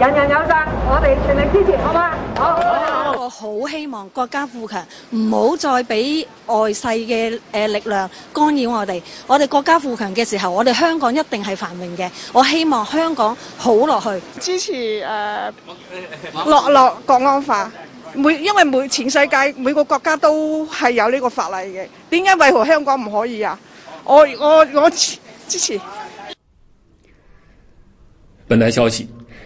人人有責，我哋全力支持，好嘛？好。我好希望國家富強，唔好再俾外勢嘅誒力量干擾我哋。我哋國家富強嘅時候，我哋香港一定係繁榮嘅。我希望香港好落去。支持誒落落國安法。每因為每全世界每個國家都係有呢個法例嘅，點解為何香港唔可以啊？我我我支支持。本台消息。